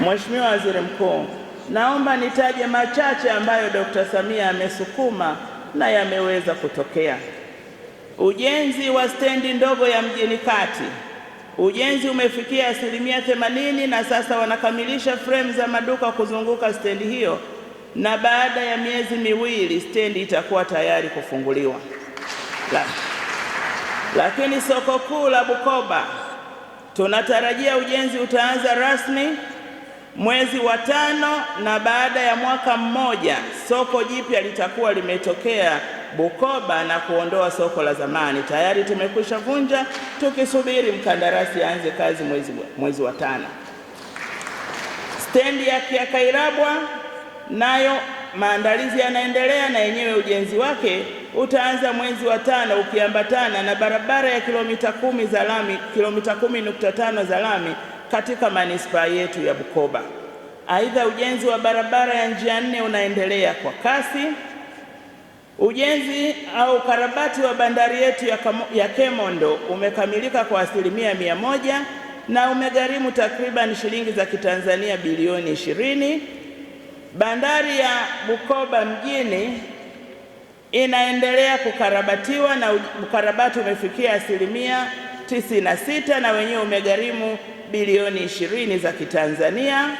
Mheshimiwa Waziri Mkuu, naomba nitaje machache ambayo Dr. Samia amesukuma na yameweza kutokea: ujenzi wa stendi ndogo ya mjini kati. Ujenzi umefikia asilimia themanini na sasa wanakamilisha fremu za maduka kuzunguka stendi hiyo, na baada ya miezi miwili stendi itakuwa tayari kufunguliwa. La, lakini soko kuu la Bukoba tunatarajia ujenzi utaanza rasmi mwezi wa tano, na baada ya mwaka mmoja soko jipya litakuwa limetokea Bukoba na kuondoa soko la zamani. Tayari tumekwisha vunja, tukisubiri mkandarasi aanze kazi mwezi, mwezi wa tano. Stendi ya Kiakairabwa nayo maandalizi yanaendelea na yenyewe ujenzi wake utaanza mwezi wa tano ukiambatana na barabara ya kilomita kumi za lami kilomita kumi nukta tano za lami katika manispaa yetu ya Bukoba. Aidha, ujenzi wa barabara ya njia nne unaendelea kwa kasi. Ujenzi au ukarabati wa bandari yetu ya, Kamo, ya Kemondo umekamilika kwa asilimia mia moja na umegharimu takriban shilingi za Kitanzania bilioni ishirini. Bandari ya Bukoba mjini inaendelea kukarabatiwa na ukarabati umefikia asilimia 96 na wenyewe umegharimu bilioni ishirini za Kitanzania.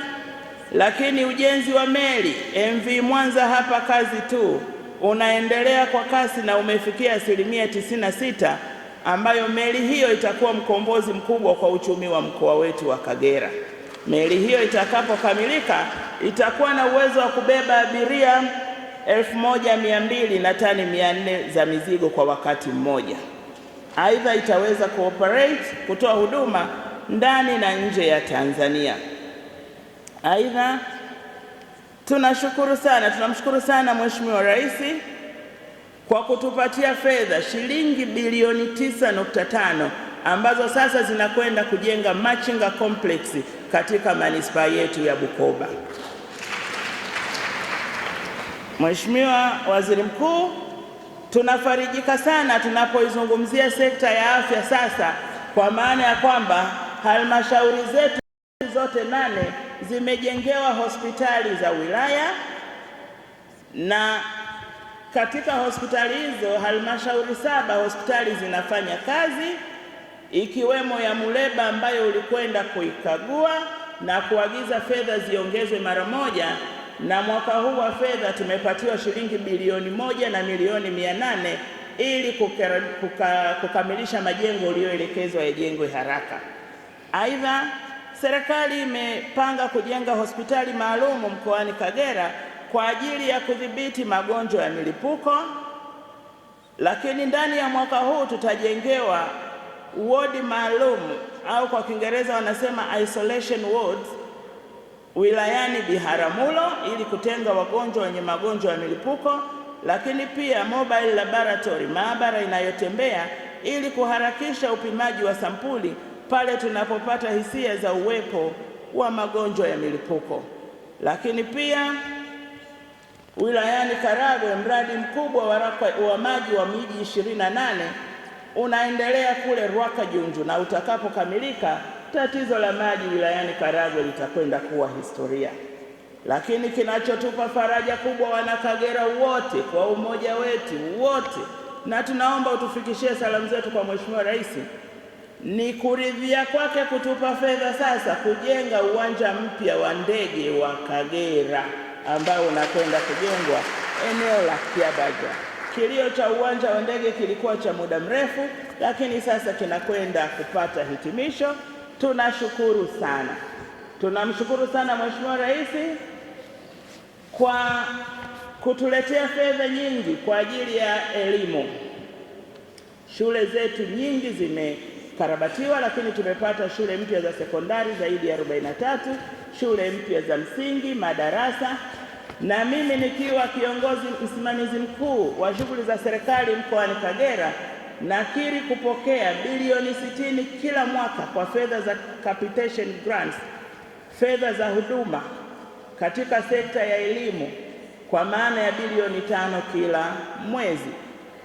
Lakini ujenzi wa meli MV Mwanza hapa kazi tu unaendelea kwa kasi na umefikia asilimia 96, ambayo meli hiyo itakuwa mkombozi mkubwa kwa uchumi wa mkoa wetu wa Kagera. Meli hiyo itakapokamilika itakuwa na uwezo wa kubeba abiria 1200 na tani 400 za mizigo kwa wakati mmoja. Aidha, itaweza kuoperate kutoa huduma ndani na nje ya Tanzania. Aidha, tunashukuru sana, tunamshukuru sana Mheshimiwa Rais kwa kutupatia fedha shilingi bilioni 9.5 ambazo sasa zinakwenda kujenga Machinga Complex katika manispaa yetu ya Bukoba. Mheshimiwa Waziri Mkuu Tunafarijika sana tunapoizungumzia sekta ya afya sasa, kwa maana ya kwamba halmashauri zetu zote nane zimejengewa hospitali za wilaya, na katika hospitali hizo halmashauri saba hospitali zinafanya kazi, ikiwemo ya Muleba ambayo ulikwenda kuikagua na kuagiza fedha ziongezwe mara moja na mwaka huu wa fedha tumepatiwa shilingi bilioni moja na milioni mia nane ili kuka, kuka, kukamilisha majengo uliyoelekezwa yajengwe haraka. Aidha, serikali imepanga kujenga hospitali maalumu mkoani Kagera kwa ajili ya kudhibiti magonjwa ya milipuko, lakini ndani ya mwaka huu tutajengewa wodi maalum au kwa Kiingereza wanasema isolation wards wilayani Biharamulo ili kutenga wagonjwa wenye magonjwa ya milipuko, lakini pia mobile laboratory, maabara inayotembea ili kuharakisha upimaji wa sampuli pale tunapopata hisia za uwepo wa magonjwa ya milipuko. Lakini pia wilayani Karagwe, mradi mkubwa wa maji wa miji 28 unaendelea kule Rwaka Junju na utakapokamilika tatizo la maji wilayani Karagwe litakwenda kuwa historia, lakini kinachotupa faraja kubwa, Wanakagera wote kwa umoja wetu wote, na tunaomba utufikishie salamu zetu kwa Mheshimiwa Rais, ni kuridhia kwake kutupa fedha sasa kujenga uwanja mpya wa ndege wa Kagera ambao unakwenda kujengwa eneo la Kiabaja. Kilio cha uwanja wa ndege kilikuwa cha muda mrefu, lakini sasa kinakwenda kupata hitimisho. Tunashukuru sana, tunamshukuru sana Mheshimiwa Rais kwa kutuletea fedha nyingi kwa ajili ya elimu. Shule zetu nyingi zimekarabatiwa, lakini tumepata shule mpya za sekondari zaidi ya 43, shule mpya za msingi, madarasa. Na mimi nikiwa kiongozi msimamizi mkuu wa shughuli za serikali mkoani Kagera nakiri kupokea bilioni sitini kila mwaka kwa fedha za capitation grants, fedha za huduma katika sekta ya elimu kwa maana ya bilioni tano kila mwezi.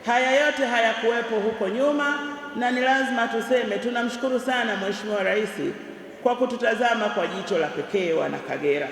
Haya yote hayakuwepo huko nyuma, na ni lazima tuseme tunamshukuru sana Mheshimiwa Rais kwa kututazama kwa jicho la pekee wana Kagera.